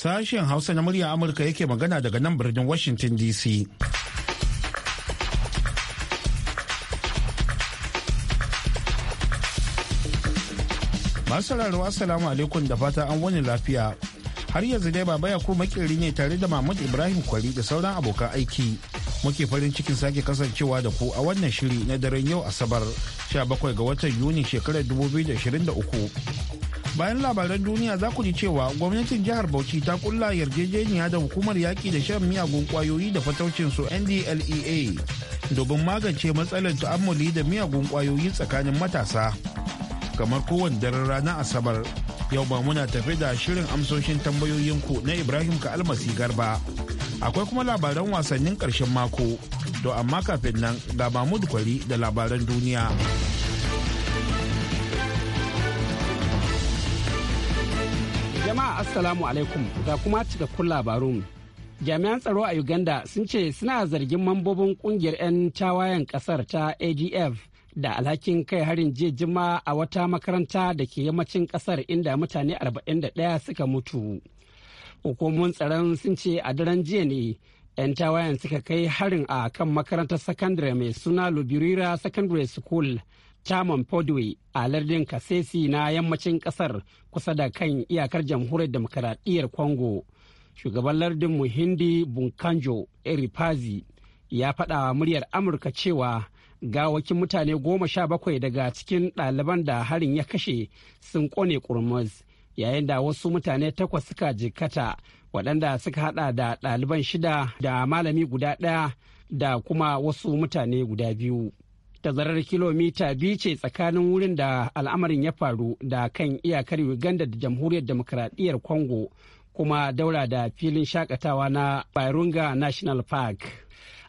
Sashen Hausa na murya Amurka yake magana daga nan birnin Washington DC. Masararwa Assalamu alaikum da fata an wani lafiya. Har yanzu dai baba ko makeri ne tare da Mahmud Ibrahim Kwari da sauran abokan aiki. Muke farin cikin sake kasancewa da ku a wannan shiri na daren yau Asabar 17 ga watan Yuni shekarar 2023. bayan labaran duniya za ku ji cewa gwamnatin jihar bauchi ta kulla yarjejeniya da hukumar yaƙi da shan miyagun kwayoyi da fataucin su ndlea domin magance matsalar ta'ammuli da miyagun kwayoyi tsakanin matasa kamar kowane daren ranar asabar yau ba muna tafi da shirin amsoshin tambayoyinku na ibrahim ka almasi garba akwai kuma labaran wasannin ƙarshen mako to amma kafin nan ga mahmud kwari da labaran duniya. Jama'a Assalamu alaikum ga kuma cikakkun labarun. Jami'an tsaro a Uganda sun ce suna zargin mambobin kungiyar 'yan tawayen kasar ta ADF da alhakin kai harin jiya jima'a a wata makaranta da ke yammacin kasar inda mutane 41 suka mutu. Hukumomin tsaron sun ce a daren jiya ne 'yan tawayen suka kai harin a kan makarantar sakandare mai suna Lubirira Secondary School Chairman Podwe a lardin Kasesi na yammacin kasar kusa da kan iyakar jamhuriyar demokaradiyyar Congo. Shugaban lardin Muhindi Bunkanjo Eripazi ya faɗa muryar Amurka cewa gawakin mutane goma sha bakwai daga cikin ɗaliban da harin ya kashe sun ƙone ƙurmus yayin da wasu mutane takwas suka jikkata waɗanda suka haɗa da ɗaliban shida da malami guda ɗaya da kuma wasu mutane guda biyu. tazarar kilomita biyu ce tsakanin wurin da al'amarin ya faru da kan iyakar uganda da jamhuriyar demokradiyyar congo kuma daura da filin shakatawa na bayrunga National Park.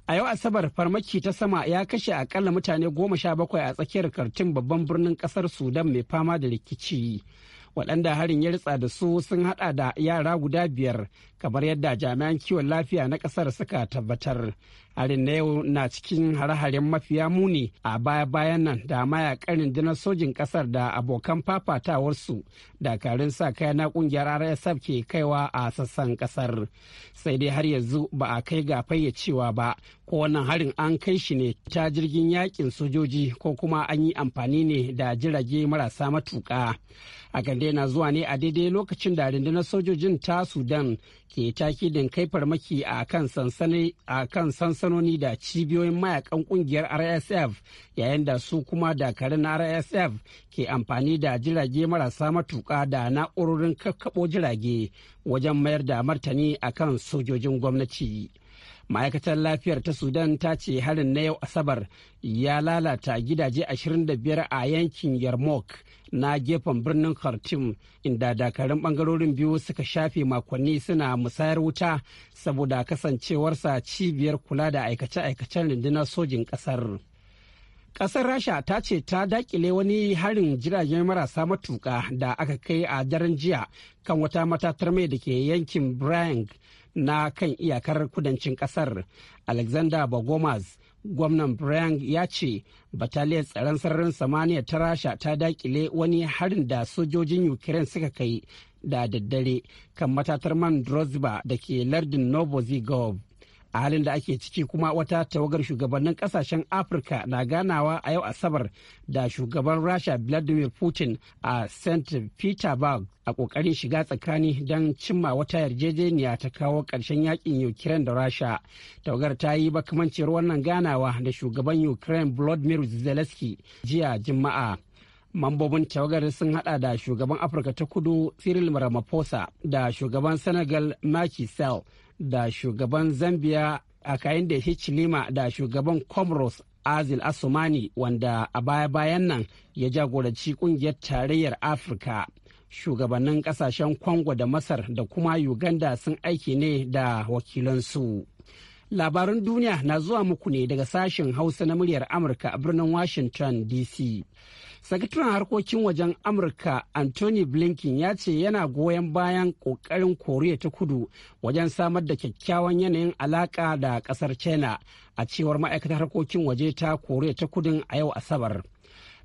A yau Asabar farmaki ta sama ya kashe akalla mutane goma sha bakwai a tsakiyar kartin babban birnin kasar Sudan mai fama da rikici. Waɗanda harin ya ritsa da su sun hada da yara guda biyar kamar yadda jami'an kiwon lafiya na ƙasar suka tabbatar. harin na yau na cikin hare-haren mafiya muni a baya-bayan nan da mayakan rundunar sojin kasar da abokan fafatawarsu dakarun sa kaya na kungiyar rsf ke kaiwa a sassan kasar sai dai har yanzu ba a kai ga fayyacewa ba ko wannan harin an kai shi ne ta jirgin yakin sojoji ko kuma an yi amfani ne da jirage marasa matuka a dai na zuwa ne a daidai lokacin da rundunar sojojin ta sudan ke takidin kai farmaki a kan sansanin sansanoni da cibiyoyin mayakan kungiyar rsf yayin da su kuma dakarun rsf ke amfani da jirage marasa matuka da na'urorin kakkaɓo jirage wajen mayar da martani akan sojojin gwamnati ma'aikatar lafiyar ta sudan ta ce harin na yau asabar ya lalata gidaje 25 a yankin yarmouk na gefen birnin khartoum inda dakarun bangarorin biyu suka shafe makonni suna musayar wuta saboda kasancewarsa cibiyar kula da aikace-aikacen rundunar sojin kasar kasar rasha ta ce ta dakile wani harin jiragen marasa matuka da aka kai a daren jiya kan wata matatar mai da ke yankin bryansk na kan iyakar kudancin kasar alexander bogomaz gwamnan brian ya ce bataliyar tsaron sararin samaniya ta rasha ta dakile wani harin da sojojin ukraine suka kai da daddare kan matatar man drozba da ke lardin novozigov a halin da ake ciki kuma wata tawagar shugabannin kasashen afirka na ganawa a yau asabar da shugaban rasha vladimir putin a st petersburg a kokarin shiga tsakani don cimma wata yarjejeniya ta kawo ƙarshen yakin ukraine da rasha tawagar ta yi bakamanciyar wannan ganawa da shugaban ukraine Vladimir zelensky jiya juma'a mambobin tawagar sun hada da shugaban afirka ta kudu cyril ramaphosa da shugaban senegal macky sall da shugaban zambia a kayan da hichilima da shugaban comoros azil asumani wanda a baya-bayan nan ya jagoranci kungiyar tarayyar afirka shugabannin kasashen kwango da Masar da kuma Uganda sun aiki ne da wakilansu. Labaran duniya na zuwa muku ne daga sashen Hausa na muryar Amurka a birnin Washington DC. sakataren harkokin wajen amurka anthony blinken ya ce yana goyon bayan kokarin koriya ta kudu wajen samar da kyakkyawan yanayin alaka da kasar china a cewar ma'aikatar harkokin waje ta koriya ta kudin a yau asabar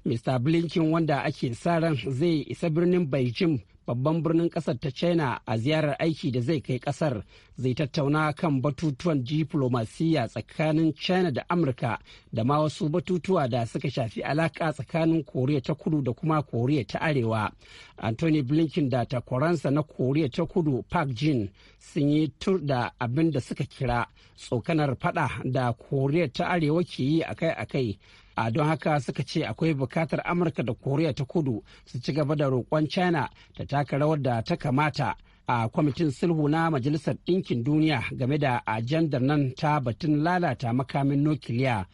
mr blinken wanda ake sa ran zai isa birnin beijing babban birnin kasar ta china a ziyarar aiki da zai kai kasar zai tattauna kan batutuwan diflomasiyya tsakanin china da amurka da ma wasu batutuwa da suka shafi alaka tsakanin koriya ta kudu da kuma koriya ta arewa anthony blinken da takwaransa na koriya ta kudu park jin sun yi tur da abin da suka kira tsokanar fada da koriya ta arewa ke yi akai-akai a don haka suka ce akwai bukatar amurka da koriya ta kudu su ci gaba da roƙon china da taka rawar da ta kamata a kwamitin sulhu na majalisar ɗinkin duniya game da ajandar nan ta batun lalata makamin nukiliya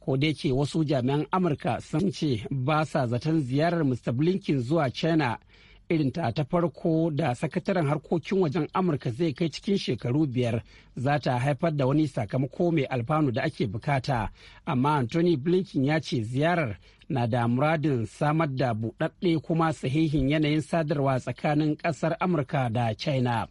ko da yake wasu jami'an amurka sun ce ba sa zaton ziyarar mr blinken zuwa china irinta ta farko da sakataren harkokin wajen amurka zai kai cikin shekaru biyar za ta haifar da wani sakamako mai alfanu da ake bukata amma anthony blinken ya ce ziyarar na da muradin samar da buɗaɗɗe kuma sahihin yanayin sadarwa tsakanin ƙasar amurka da china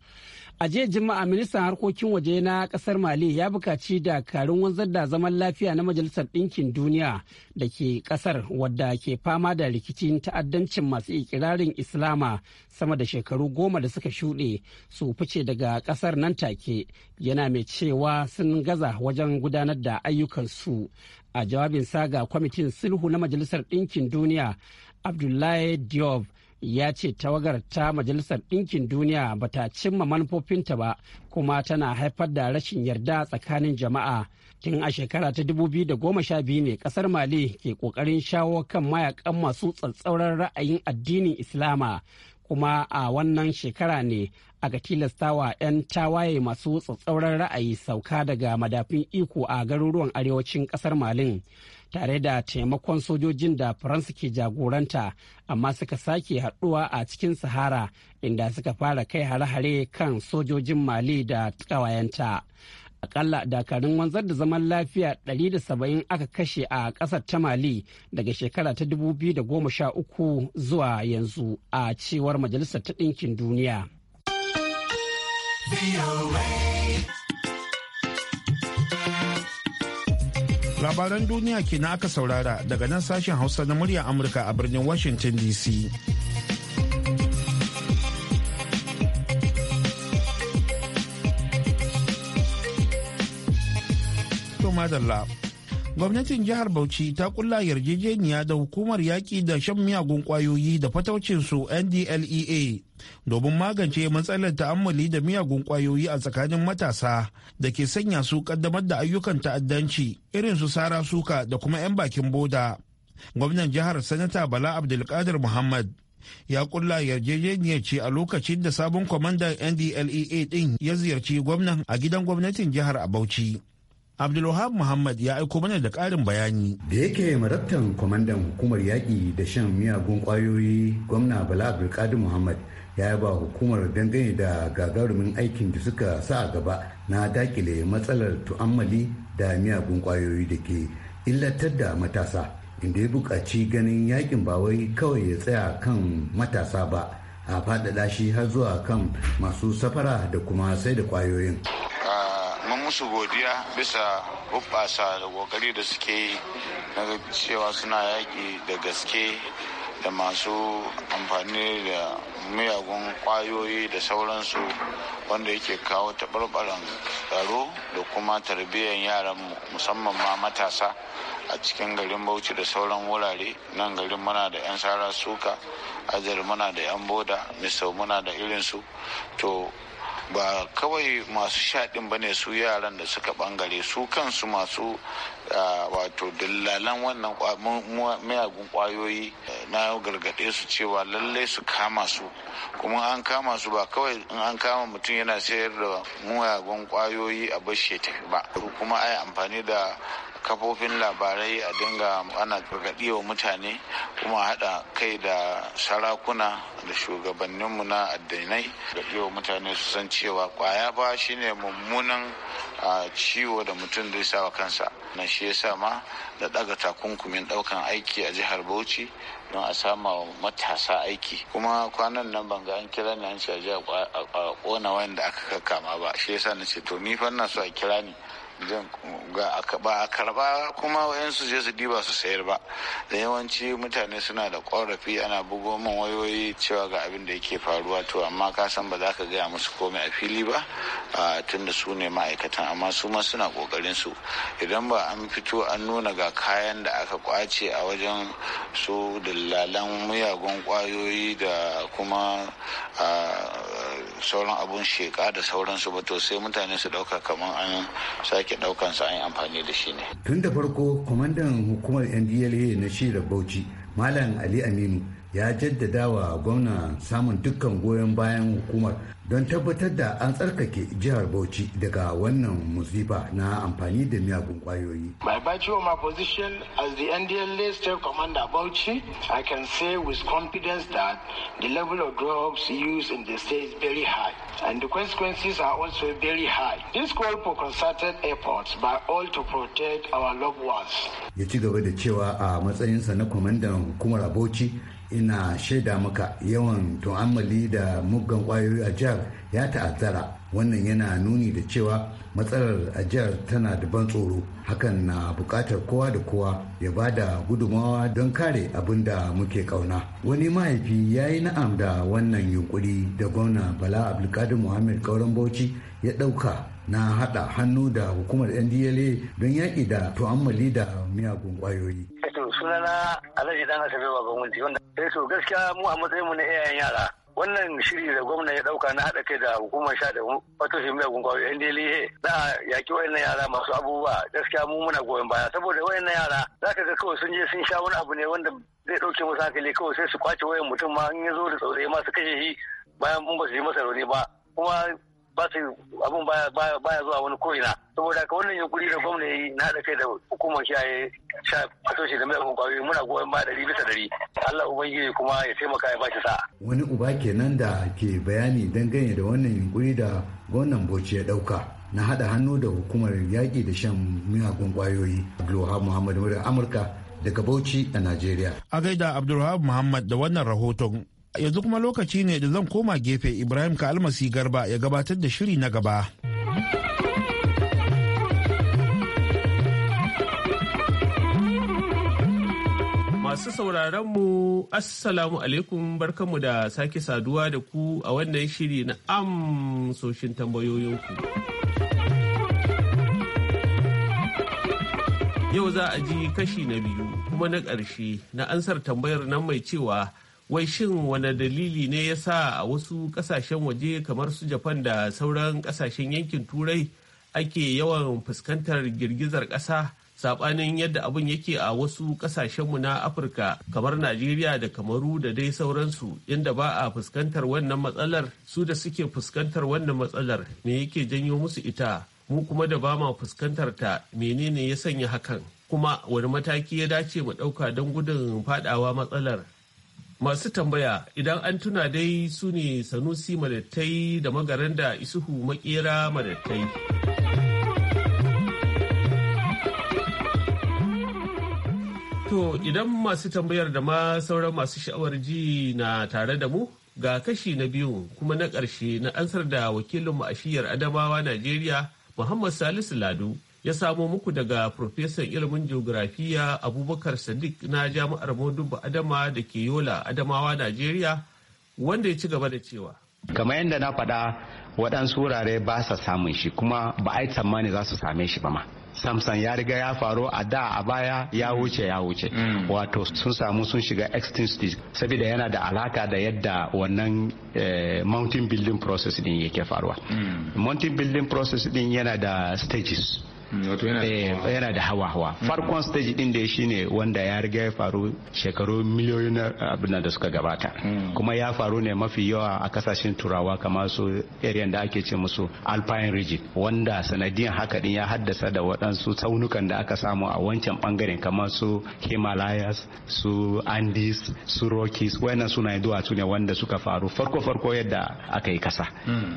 A jiya Juma'a ministan harkokin waje na kasar Mali ya bukaci dakarun wanzar da zaman lafiya na Majalisar Ɗinkin Duniya da ke kasar wadda ke fama da rikicin ta'addancin masu ikirarin Islama sama da shekaru goma da suka shuɗe su fice daga kasar nan take yana mai cewa sun gaza wajen gudanar da ayyukansu. A jawabinsa ga kwamitin sulhu na Majalisar Ɗinkin Duniya Abdullahi Diop ya ce tawagar ta majalisar ɗinkin duniya ba ta cimma manufofinta ba kuma tana haifar da rashin yarda tsakanin jama'a tun a shekara ta 2012 ne ƙasar mali ke ƙoƙarin shawo kan mayakan masu tsatsauran ra'ayin addinin islama kuma a wannan shekara ne aka tilastawa 'yan tawaye masu tsatsauran ra'ayi sauka daga madafin iko a garuruwan arewacin ƙasar malin tare da taimakon sojojin da faransa ke jagoranta amma suka sake haɗuwa a cikin sahara inda suka fara kai hare-hare kan sojojin mali da ƙawayenta akalla dakarun wanzar da zaman lafiya 170 aka kashe a ƙasar ta mali daga shekara ta 2013 zuwa yanzu a cewar majalisar ta ɗinkin duniya. labaran duniya ke na aka saurara daga nan sashen hausa na murya amurka a birnin washington dc gwamnatin jihar bauchi ta kula yarjejeniya da hukumar yaƙi da shan miyagun ƙwayoyi da fataucinsu ndlea domin magance matsalar ta'ammali da miyagun kwayoyi a tsakanin matasa da ke sanya su kaddamar da ayyukan ta'addanci irin su sara suka da kuma 'yan bakin boda gwamnan jihar sanata bala abdulkadir muhammad ya kulla yarjejeniyar ce a lokacin da sabon kwamandan ndlea din ya ziyarci gwamnan a gidan gwamnatin jihar a bauchi Abdulwahab Muhammad ya aiko mana da ƙarin bayani. Da yake madattan kwamandan hukumar yaƙi da shan miyagun ƙwayoyi gwamna Bala Abdulkadir Muhammad ya ba hukumar dangane da gagarumin aikin da suka sa a gaba na dakile matsalar tu'ammali da miyagun kwayoyi da ke illatar da matasa inda ya buƙaci ganin yakin ba wai kawai ya tsaya kan matasa ba a faɗaɗa shi har zuwa kan masu safara da kuma sai da kwayoyin. mun musu godiya bisa hoɓɓasa da ƙoƙari da suke yi na cewa suna yaƙi da gaske da masu amfani da miyagun kwayoyi da sauransu wanda yake kawo taɓarɓaran tsaro da kuma tarbiyyar yaran musamman ma matasa a cikin garin bauchi da sauran wurare nan garin muna da 'yan sara suka ajar muna da 'yan boda misau muna da irinsu to ba kawai masu shaɗin ba ne su yaran da suka bangare su kansu masu wato dillalan wannan mayagun kwayoyi e, na gargaɗe su cewa lallai su kama su kuma an kama su ba kawai in an kama mutum yana sayar da mayagun kwayoyi a bashi ya tafi ba kuma ai amfani da kafofin labarai a dinga ana gargaɗi wa mutane kuma haɗa kai da sarakuna da shugabanninmu na addinai gargaɗi wa mutane su san cewa kwaya ba shine mummunan ciwo da mutum zai sa wa kansa na shi ya sa ma da ɗaga takunkumin ɗaukan aiki a jihar bauchi don a sama matasa aiki kuma kwanan nan ban ga an kira ni an ce a kona wanda aka kama ba shi ya sa na ce to ni fanna su a kira ni ba a karba kuma su je su diba su sayar ba da yawanci mutane suna da korafi ana bugo min wayoyi cewa ga abin da yake faruwa to amma ka san ba za ka gaya musu komai a fili ba tunda su ne ma'aikatan amma su ma suna kokarin su idan ba an fito an nuna ga kayan da aka kwace a wajen su dillalan miyagun kwayoyi da kuma sauran abun sheka da sauransu ba to sai mutane su dauka kamar an sake daukan su an yi amfani da shi ne tun da farko kwamandan hukumar ndla na shirar bauchi malam ali aminu ya jaddada wa gwamna samun dukkan goyon bayan hukumar don tabbatar da an tsarkake jihar Bauchi daga wannan musiba na amfani da miyagun kwayoyi. By virtue of my position as the NDLA State Commander Bauchi, I can say with confidence that the level of drugs used in the state is very high and the consequences are also very high. This call for concerted efforts by all to protect our loved ones. Ya ci gaba da cewa a matsayinsa na kwamandan hukumar Bauchi ina shaida maka yawan tu'ammali da muggan kwayoyi a jihar ya ta'azzara wannan yana nuni da cewa matsalar a jihar tana da ban tsoro hakan na bukatar kowa da kowa ya ba da gudumawa don kare abin da muke kauna wani mahaifi ya yi na'am da wannan yunkuri da gwamna bala abdulkadir muhammad kauran bauchi ya ɗauka na haɗa hannu da hukumar ndla don yaƙi da tu'ammali da miyagun ƙwayoyi sunana Alhaji Dan Asabe ba gwamnati wanda eh so gaskiya mu a matsayin mu na iyayen yara wannan shiri da gwamna ya dauka na hada kai da hukumar sha da wato shi mai gungwa yan delihe da a yaki wayannan yara masu abubuwa gaskiya mu muna goyon baya saboda wayannan yara za ka ga kawai sun je sun sha wani abu ne wanda zai dauke musu hankali kawai sai su kwace wayan mutum ma in ya zo da tsaure ma su kashe shi bayan mun ba su yi masa rauni ba kuma ba su abin baya zuwa wani ko'ina saboda ka wannan yunkuri da gwamna yi na haɗa kai da hukumar shaye sha fito shi da mai abin kwayoyi muna goyon ba dari bisa dari Allah ubangiji kuma ya taimaka ya bashi sa'a. wani uba kenan da ke bayani dangane da wannan yunkuri da gwamnan bauchi ya ɗauka na haɗa hannu da hukumar yaƙi da shan miyagun kwayoyi Abdulwahab Muhammad Amurka daga Bauchi a Najeriya. A gaida Abdulwahab Muhammad da wannan rahoton yanzu kuma lokaci ne da zan koma gefe ibrahim ka almasi garba ya gabatar da shiri na gaba masu sauraron mu assalamu alaikum barkanmu da sake saduwa da ku a wannan shiri na amsoshin tambayoyinku yau za a ji kashi na biyu kuma na ƙarshe na ansar tambayar nan mai cewa wai shin wani dalili ne ya sa a wasu kasashen waje kamar su japan da sauran kasashen yankin turai ake yawan fuskantar girgizar kasa saɓanin yadda abin yake a wasu kasashenmu na afirka kamar najeriya da kamaru da dai sauransu inda ba a fuskantar wannan matsalar su da suke fuskantar wannan matsalar me yake janyo musu ita mu kuma da ba ma fuskantar ta menene ya sanya hakan kuma wani mataki ya dace mu ɗauka don gudun faɗawa matsalar Masu tambaya idan an tuna dai su ne Sanusi madattai da magaran da Isuhu makera madattai. To idan masu tambayar da ma sauran masu sha'awar ji na tare da mu ga kashi na biyu kuma na ƙarshe na ansar da wakilin a shiyar Adamawa Najeriya Muhammad Salisu Ladu ya samo muku daga Profesor ilimin geografiya Abubakar Sadiq na Jami'ar Modumba Adama da ke Yola Adamawa Najeriya wanda ya ci gaba da cewa. Kamar yadda na faɗa waɗansu wurare ba sa samun shi kuma ba a yi tsammani za su same shi ba ma. samson ya riga ya faru a da a baya ya wuce ya wuce mm. wato sun samu sun shiga extinct stage saboda yana da alaka da yadda wannan eh, mountain building process din yake faruwa mm. mountain building process din yana da stages Mm, eh, yana da hawa hawa mm. farkon stage din da shine wanda ya riga ya faru shekaru miliyoyin abin da suka gabata mm. kuma ya faru ne mafi yawa a kasashen turawa kamar su area da ake ce musu alpine region wanda sanadiyan haka din ya haddasa da waɗansu tsaunukan da aka samu a wancan bangaren kamar su himalayas su andes su rockies wayannan suna duwatsu ne wanda suka faru farko farko yadda aka yi kasa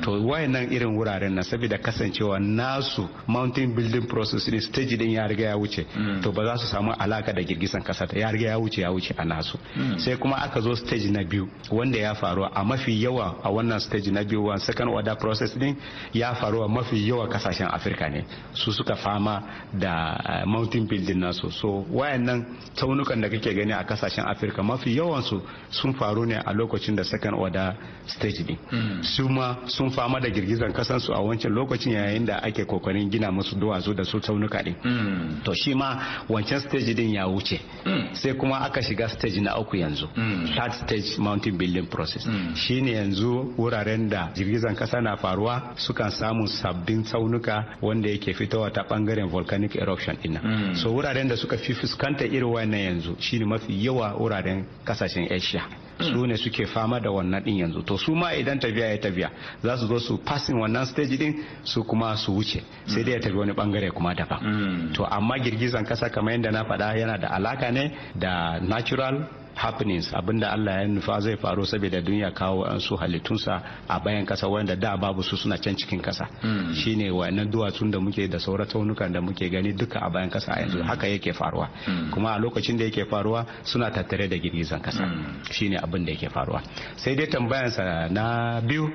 to wayannan irin wuraren na saboda kasancewa nasu mountain building cooling process ne stage din ya riga ya wuce hmm. to ba za su samu alaka da girgizan kasa ta ya riga ya wuce ya wuce a nasu hmm. sai kuma aka zo stage na biyu wanda ya faru a mafi yawa a wannan stage na biyu wa second order process din ya faru a mafi yawa kasashen afirka ne su suka fama da eh, mountain building nasu so wayannan taunukan da kake gani a kasashen afirka mafi yawansu sun faru ne a lokacin da second order stage din hmm. su ma sun fama da girgizan kasansu a wancan lokacin yayin da ake kokarin gina musu duwatsu su da su tsaunuka ɗin mm. to shi ma wancan stage din ya wuce mm. sai kuma aka shiga stage na uku yanzu mm. third stage mountain building process Shi ne yanzu wuraren da girgizan kasa na faruwa sukan samu sabbin tsaunuka wanda yake fitowa ta bangaren volcanic eruption din so wuraren da suka fi fuskanta irin wannan yanzu shine mafi yawa wuraren kasashen asia su ne suke fama da wannan din yanzu to su ma idan tafiya ya tafiya za su zo su passing wannan stage din su kuma su wuce sai dai ya tafi wani bangare kuma daban mm. to amma girgizan kasa kamar yadda na faɗa yana da alaka ne da natural happenings abinda Allah ya nufa zai faru saboda duniya kawo an su halittunsa a bayan kasa wanda da babu su suna can cikin kasa hmm. shine wannan duwatsun da muke da sauran taunukan da muke gani duka a bayan kasa a yanzu hmm. haka yake faruwa hmm. kuma a lokacin da yake faruwa suna tattare da girgizan kasa shine abin da yake faruwa sai dai tambayansa na biyu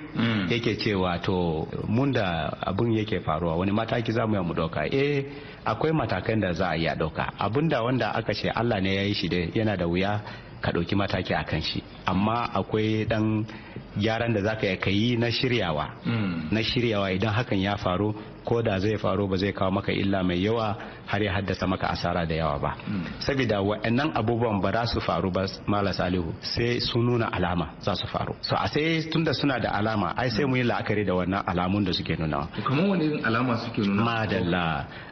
yake cewa to mun da abin yake faruwa wani mataki za mu yi mu ɗauka eh akwai matakan da za a iya doka abinda wanda aka ce Allah ne ya yi shi da yana da wuya ka ɗauki mataki a kan shi amma akwai ɗan gyaran da za ka yi na shiryawa mm. na shiryawa idan hakan ya faru ko da zai faru ba zai kawo maka illa mai yawa har ya haddasa maka asara da yawa ba saboda wa'annan abubuwan ba za su faru ba mala salihu sai sun nuna alama za su faru so a sai tunda suna da alama ai sai mu yi la'akari da wannan alamun da suke nuna kamar wani alama suke nuna madalla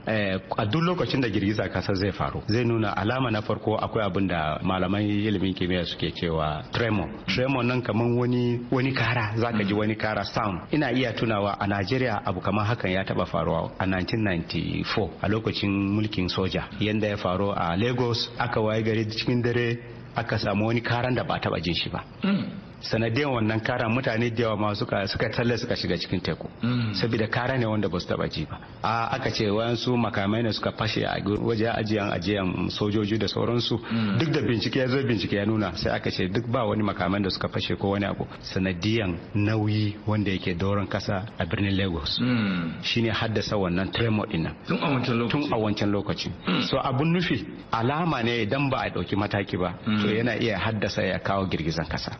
eh, a duk lokacin da girgiza kasa zai faru zai nuna alama na farko akwai abin da malaman ilimin kimiyya suke cewa tremor tremor nan kaman wani wani kara zaka ji wani kara sound ina iya tunawa a Najeriya abu kamar hakan ya taba faruwa a 1994 a lokacin mulkin soja yadda ya faru a lagos aka waye gari cikin dare aka samu wani karan da ba taba jin shi ba hmm. sanadiyan wannan kara mutane da yawa masu suka talle suka shiga cikin teku mm. saboda kara ne wanda ba su taba ji ba a aka ce wayansu makamai ne suka fashe a waje ajiyan ajiyan sojoji da sauransu mm. duk da bincike ya zo bincike ya nuna sai aka ce duk ba wani makamai da suka fashe ko wani abu sanadiyan nauyi wanda yake doron kasa a birnin lagos mm. shine haddasa wannan tremor din tun a wancan lokaci so abun nufi alama ne idan ba a dauki mataki ba to yana iya haddasa ya kawo girgizan kasa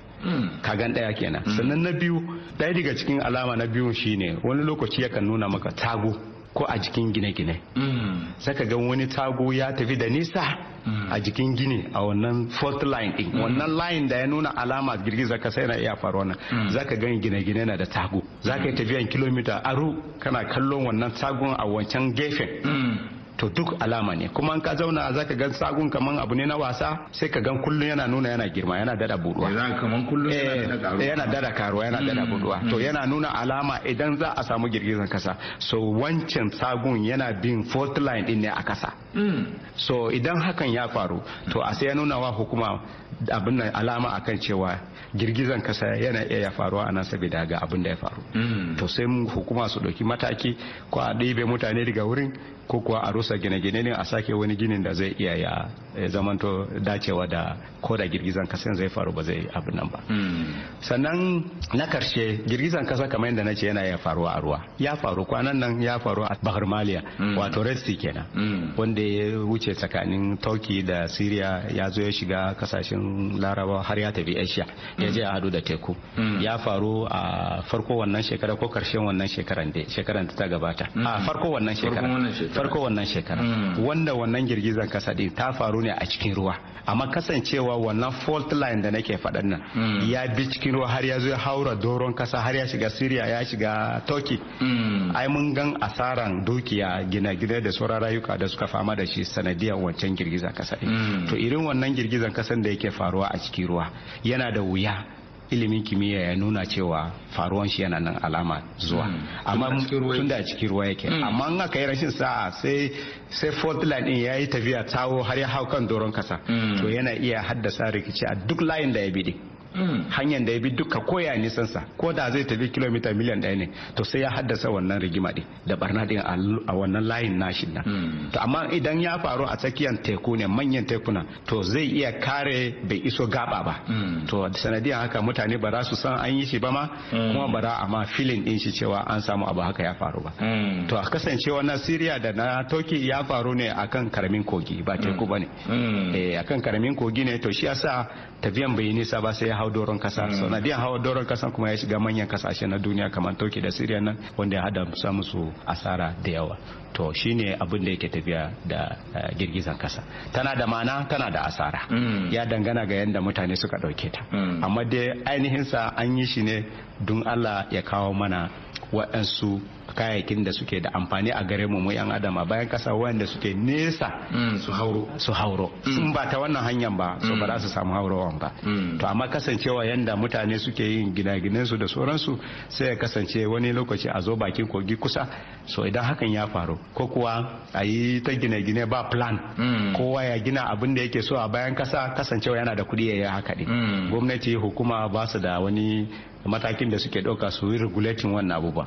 kagan daya kenan hmm. sannan na biyu daya daga cikin alama na biyu shine wani lokaci ya yakan nuna maka tagu ko a jikin gine-gine hmm. saka ga wani tagu ya tafi da nisa hmm. a jikin gini a wannan fourth line din wannan line da ya nuna alama girgiza kasa yana iya faruwa nan zaka gan gine-gine na da tago zaka yi tafiyan kilomita aru kana kallon wannan tagon a wancan gefen to duk alama ne kuma an ka zauna za ka gan sagun kaman abu ne na wasa sai ka gan kullum yana nuna yana girma yana dada buduwa eh, yana dada karuwa yana dada mm. buduwa to mm. yana nuna alama idan za a samu girgizan kasa so wancan sagun yana bin fourth line din ne a kasa Hmm. so idan hakan ya faru to a sai ya nuna wa hukuma abin nan alama akan cewa girgizan kasa yana iya ya faruwa a nan saboda ga abin da ya faru hmm. to sai hukuma su ɗauki mataki ko a ɗibe mutane daga wurin ko kuwa a rusa gine-gine ne a sake wani ginin da zai iya ya zamanto dacewa da ko da girgizan kasa zai faru ba zai abin nan ba hmm. sannan na karshe girgizan kasa kamar yadda na ce yana ya faruwa a ruwa ya faru kwanan nan ya faru a bahar maliya wato red sea kenan wanda sai ya wuce tsakanin turkey da syria ya zo ya shiga kasashen larabawa har ya tafi asia ya je a hadu da teku hmm. ya faru a farko wannan shekara ko karshen wannan shekaran da shekaran ta gabata a hmm. farko wannan shekara farko wannan shekara hmm. wanda wannan girgizar kasa din ta faru ne a cikin ruwa amma kasancewa wannan fault line da nake faɗan nan ya bi cikin ruwa har ya zo ya haura doron kasa har ya shiga syria ya shiga turkey ai mun gan asaran dukiya gina gida da sauran rayuka da suka fama da shi sanadiyar wancan girgizar kasa hmm. to irin wannan girgizar kasan da yake faruwa a cikin ruwa yana da wuya ilimin kimiyya ya nuna cewa faruwan shi yana nan alama zuwa hmm. amma tun da cikin ruwa yake hmm. amma in aka yi rashin sa'a sai sai fault line din yayi tafiya tawo har ya hau kan doron kasa to yana iya haddasa rikici a duk layin da ya bi Mm. hanyar da ya bi duka koya nisansa ko da zai tafi kilomita miliyan ɗaya ne to sai ya haddasa wannan rigima ɗin da barna ɗin a wannan layin nashi nan mm. to amma idan ya faru a tsakiyar teku ne manyan tekuna to zai iya kare bai iso gaba ba mm. to sanadiyar haka mutane ba za su san an yi shi ba ma kuma ba za a ma filin ɗin shi cewa an samu abu haka ya faru ba to a kasancewa na siriya da na toki ya faru ne akan karamin kogi ba teku ba ne eh, akan karamin kogi ne to shi yasa tafiyan bai nisa ba sai ya hau doron kasa hmm. so na dia hau doron kasa kuma ya shiga manyan kasashe na duniya kamar Toki da siriya nan wanda ya hada musu asara da yawa to shine abin da yake tafiya da eh, girgizan kasa tana da ma'ana. tana da asara hmm. ya dangana ga yadda mutane suka dauke ta hmm. amma dai ainihinsa an yi shi ne don allah ya kawo mana waɗansu kayayyakin da suke da amfani a gare mu yan adama bayan kasa wanda suke nesa mm, su hauro su hauro mm. sun ba ta wannan hanyar ba so ba za mm. su samu haurowan ba to amma kasancewa yanda mutane suke yin gine-ginen su da sauransu sai ya kasance wani lokaci a zo bakin kogi kusa so idan hakan ya faru ko kuwa a yi ta gine-gine ba plan kowa ya gina abin da yake so a bayan kasa kasancewa yana da kuɗi ya yi haka ne gwamnati hukuma ba su da wani matakin da suke ɗauka su yi regulating wannan abu ba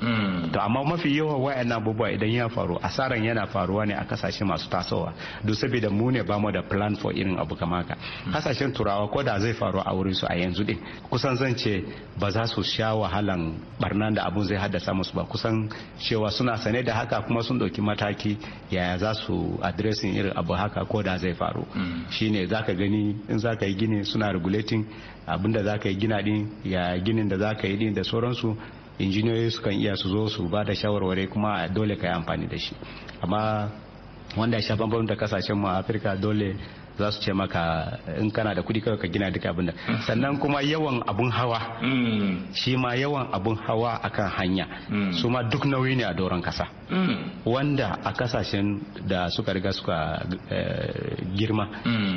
to amma mafi yawan na abubuwa idan ya faru asaran yana faruwa ne a kasashe masu tasowa duk saboda mu ne bamu da plan for irin abu kamar haka kasashen turawa ko da zai faru a wurin su a yanzu din kusan zan ce ba za su sha wahalan barnan da abun zai haddasa musu ba kusan cewa suna sane da haka kuma sun ɗauki mataki yaya za su addressing irin abu haka ko da zai faru mm. shine zaka gani in zaka yi gini suna regulating abin da zaka yi gina din ya ginin da zaka yi din da sauransu injiniyoyi sukan iya su zo su ba da shawarware kuma dole ka yi amfani da shi amma wanda ya sha da kasashen mu a afirka dole za su ce maka in kana da kudi kawai ka gina duka abin sannan kuma yawan abun hawa mm. shi ma yawan abun hawa akan hanya mm. su ma duk nauyi ne a doron kasa mm. wanda a kasashen da suka riga suka eh, girma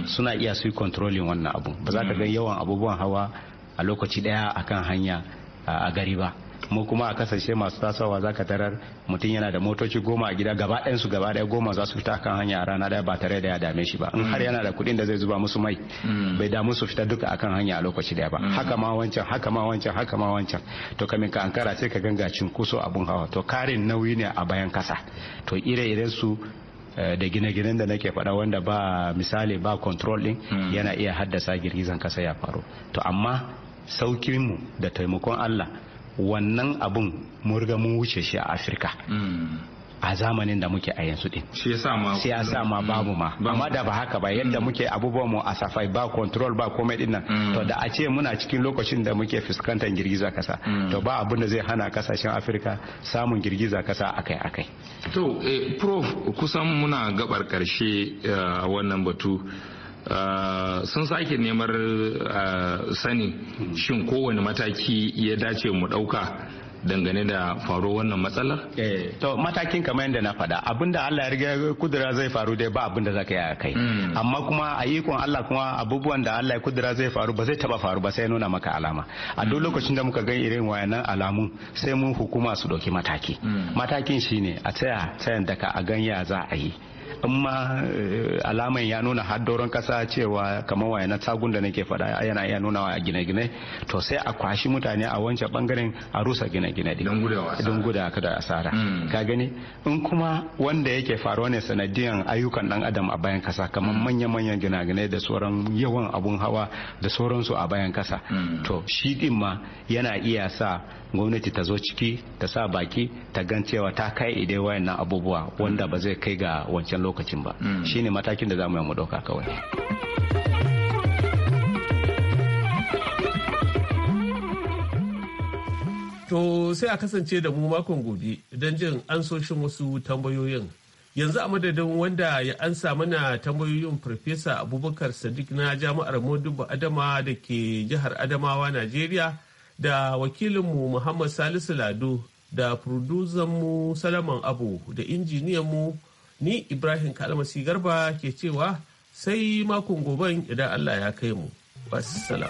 suna iya su yi controlling wannan abu ba za ka ga yawan abubuwan hawa a lokaci daya akan hanya a gari ba mu kuma a kasashe masu tasowa za ka tarar mutum yana da motoci goma a gida gaba ɗayansu gaba ɗaya goma za su fita kan hanya a rana ɗaya ba tare da ya dame shi ba in har yana da kuɗin da zai zuba musu mai mm. bai damu su fita duka akan hanya a lokaci ɗaya ba mm. haka ma wancan haka ma wancan haka ma wancan to kamin ka ankara sai ka ganga cinkoso abun hawa to karin nauyi ne a bayan kasa to ire-iren su eh, da gine-ginen da nake faɗa wanda ba misali ba control ɗin mm. yana iya haddasa girgizan kasa ya faru to amma mu da taimakon Allah wannan abun mun riga mun wuce shi a afirka mm. a zamanin da muke a yanzu din shi ya sa ma mm. babu ma amma da ba haka ba yadda mm. muke abubuwan mu a safai ba control ba komai din nan to da a ce muna cikin lokacin da muke fuskantar girgiza kasa to ba abin da zai hana kasashen afirka samun girgiza kasa akai akai to eh, prof kusan muna gabar karshe eh, wannan batu Ah, sun sake neman ah, sani hmm. shin kowane mataki ya dace mu ɗauka dangane da faro wannan matsalar? Eh, to matakin kamar yadda na faɗa abinda Allah ya riga kudura zai faru dai ba abinda zaka yi a kai hmm. amma kuma a ikon Allah kuma abubuwan da Allah ya kudura zai faru ba zai taba faru ba sai nuna maka alama a duk hmm. lokacin da muka gan irin wayannan alamun sai mun hukuma su ɗauki mataki matakin shine a tsaya tsayan daka a gan ya za a yi in ma eh, alaman ya nuna haddoron kasa cewa kamar waya na tagun da nake faɗa yana iya nuna a gine-gine to sai a kwashi mutane a wancan bangaren a rusa gine-gine don guda da asara hmm. ka gani in kuma wanda yake faruwa ne sanadiyan ayyukan dan adam a bayan kasa kamar hmm. manya-manyan gine-gine da sauran yawan abun hawa da sauransu a bayan kasa hmm. to shi din ma yana iya sa gwamnati ta zo ciki ta sa baki ta gan cewa ta kai idai wayannan abubuwa wanda ba zai kai ga wancan lokacin ba mm. shine matakin da za mu yi mu ɗauka kawai To sai a kasance da mu makon gobe don jin ansoshin wasu tambayoyin. Yanzu a madadin wanda ya ansa mana tambayoyin Farfesa Abubakar Sadiq na Jami'ar Modubu Adama da ke jihar Adamawa, Najeriya da wakilinmu Muhammad Salisu Lado da mu Salaman Abu da injiniyanmu Ni Ibrahim Kalmasi Garba ke cewa sai makon goben idan Allah ya kai mu. Wassalam.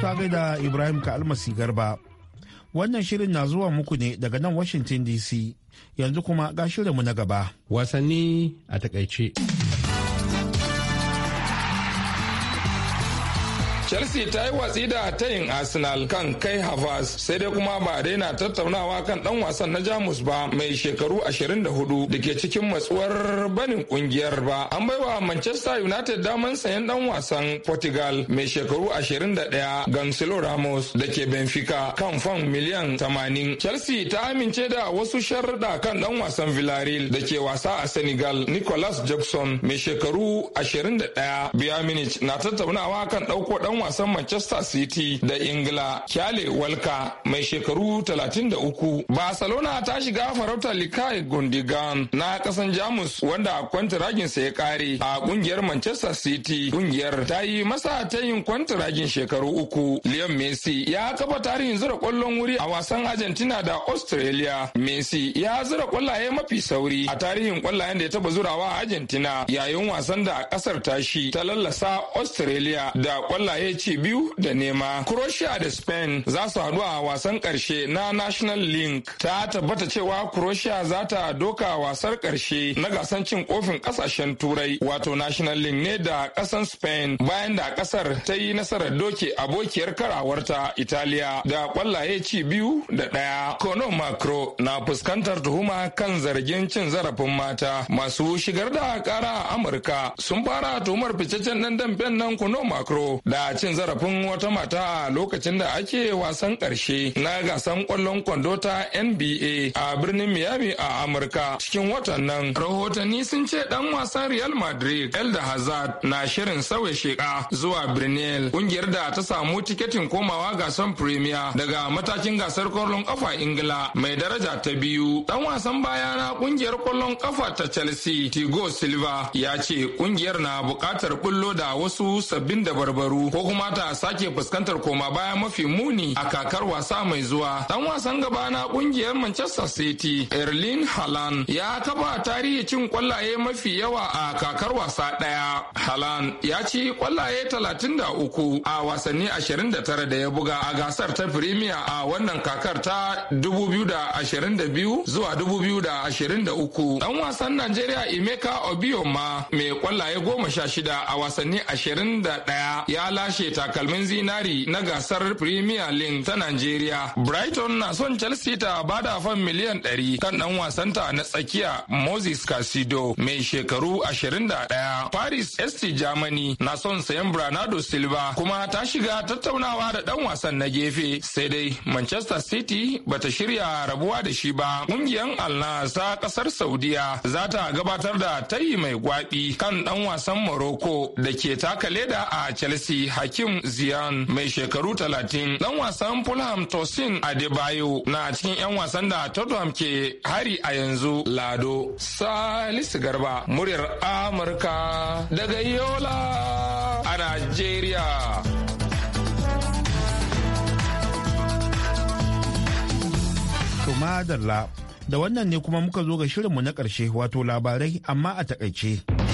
Ta gaida Ibrahim Kalmasi Garba. Wannan shirin na zuwa muku ne daga nan Washington DC. Yanzu kuma ga shirinmu na gaba. Wasanni a takaice. Chelsea ta yi watsi da tayin Arsenal kan kai Havas sai dai kuma ba daina tattaunawa kan dan wasan na Jamus ba mai shekaru 24 da ke cikin matsuwar banin kungiyar ba. An bai wa Manchester United daman sayan dan wasan Portugal mai shekaru 21 Gansilo Ramos da ke Benfica kan fan miliyan 80. Chelsea ta amince da wasu sharuɗa kan dan wasan Villarreal da ke wasa a Senegal Nicolas Jackson mai shekaru 21 Bayern Munich na tattaunawa kan ɗauko dan dan wasan Manchester City da Ingila Kyale Walka mai shekaru 33. Barcelona ta shiga farautar Likai Gundogan na kasan Jamus wanda sa ya kare a kungiyar Manchester City. Kungiyar ta yi masa ta yin kwantiragin shekaru uku. lion Messi ya kafa tarihin zura kwallon wuri a wasan Argentina da Australia. Messi ya zura kwallaye mafi sauri a tarihin kwallayen da ya taba zurawa a Argentina yayin wasan da kasar tashi ta lallasa Australia da kwallaye daya ce biyu da nema croatia da spain za su haɗu a wasan ƙarshe na national league ta tabbata cewa croatia za ta doka wasar ƙarshe na gasan cin kofin ƙasashen turai wato national league ne da ƙasan spain bayan da ƙasar ta yi nasarar doke abokiyar karawarta italiya da ƙwallaye ci biyu da ɗaya kono macro na fuskantar tuhuma kan zargin cin zarafin mata masu shigar da ƙara amurka sun fara tuhumar ficaccen ɗan damben nan kono macro da cin zarafin wata mata a lokacin da ake wasan ƙarshe na gasan ƙwallon kwando ta NBA a birnin Miami a Amurka cikin watan nan. Rahotanni sun ce ɗan wasan Real Madrid Elda Hazard na shirin sauya sheka zuwa Brunel ƙungiyar da ta samu tiketin komawa gasan Premier daga matakin gasar kwallon ƙafa Ingila mai daraja ta biyu. Ɗan wasan baya na ƙungiyar kwallon ƙafa ta Chelsea Thiago Silva ya ce ƙungiyar na buƙatar bullo da wasu sabbin dabarbaru ko kuma ta sake fuskantar koma baya mafi muni a kakar wasa mai zuwa dan wasan gaba na kungiyar manchester city erling haaland ya taba tarihi cin kwallaye mafi yawa a kakar wasa daya haaland ya ci kwallaye 33 a wasanni 29 da ya buga a gasar ta premier a wannan kakar ta 2022 zuwa 2023 dan wasan najeriya emeka obioma mai kwallaye 16 a wasanni 21 ya lashe lashe takalmin zinari na gasar Premier League ta Najeriya. Brighton na son Chelsea ta bada fan miliyan ɗari. kan dan wasanta na tsakiya Moses Casido mai shekaru ashirin da ɗaya. Paris ST Germany na son sayan Bernardo Silva kuma ta shiga tattaunawa da ɗan wasan na gefe sai dai Manchester City bata shirya rabuwa da shi ba. Ƙungiyar Al ta kasar Saudiya za ta gabatar da tayi mai gwabi kan ɗan wasan Morocco da ke taka leda a Chelsea Hakim Ziyan mai shekaru talatin ɗan wasan Fulham Tosin Adebayo na cikin 'yan wasan da Tottenham ke hari a yanzu Lado Salisu Garba muryar Amurka daga Yola a Najeriya. Madalla da wannan ne kuma muka zo ga shirinmu na ƙarshe wato labarai amma a taƙaice.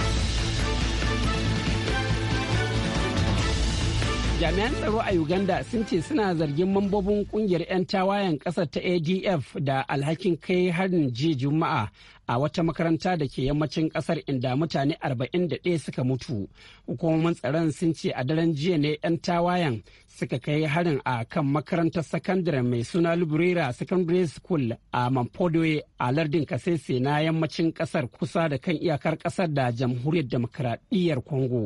jami'an tsaro a uganda sun ce suna zargin mambobin kungiyar 'yan tawayen kasar ta adf da alhakin kai harin ji juma'a a wata makaranta da ke yammacin kasar inda mutane 41 suka mutu hukumomin tsaron sun ce a daren jiya ne 'yan tawayen suka kai harin a kan makarantar sakandare mai suna lubrera secondary school a mampodoye a lardin kasese na yammacin kasar kusa da kan iyakar kasar da jamhuriyar kongo. congo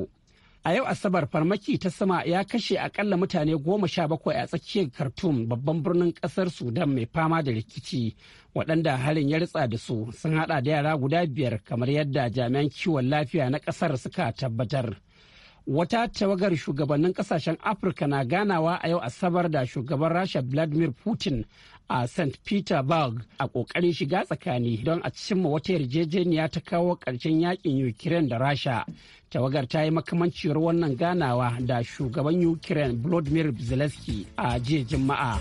a yau asabar farmaki ta sama ya kashe akalla mutane goma sha bakwai a tsakiyar khartoum babban birnin kasar sudan mai fama da rikici waɗanda harin ya ritsa da su sun haɗa da yara guda biyar kamar yadda jami'an kiwon lafiya na ƙasar suka tabbatar wata tawagar shugabannin ƙasashen afirka na ganawa a yau asabar da shugaban rasha vladimir putin a St. Peterburg a kokarin shiga tsakani don a cimma wata yarjejeniya ta kawo karshen yakin Ukraine da Rasha. Tawagar ta yi makamanciyar wannan ganawa da shugaban Ukraine vladimir Zelensky a jiya Juma'a.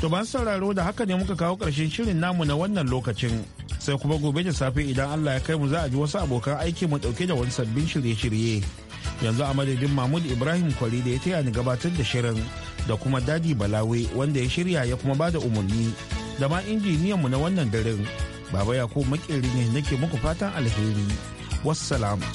To ba sauraro da haka ne muka kawo ƙarshen shirin namu na wannan lokacin. Sai kuma gobe da safe idan Allah ya kai mu za a ji wasu abokan aiki mu ɗauke da wani sabbin shirye-shirye. yanzu a madadin mahmud ibrahim kwari da ya taya ni gabatar da shirin da kuma dadi balawe wanda ya shirya ya kuma bada umarni da ma injiniyan mu na wannan daren baba yakubu makeri ne nake muku fatan alheri wassalamu